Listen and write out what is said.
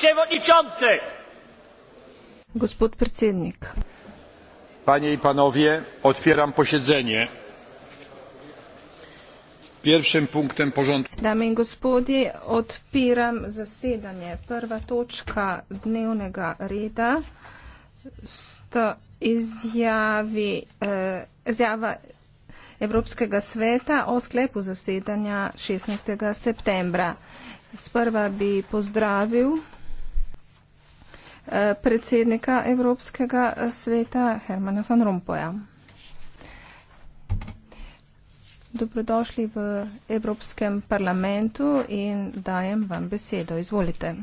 przewodniczący! Panie i panowie, otwieram posiedzenie. Pierwszym punktem porządku. Dame i gospodie, otwieram zasiedanie. Pierwsza toczka dnevnego reda to izjavi, e, izjava Evropskega sveta o sklepu zasedanja 16. septembra. Sprva bi pozdravil Eh, predsednika Evropskega eh, sveta Hermana van Rompoja. Dobrodošli v Evropskem parlamentu in dajem vam besedo. Izvolite.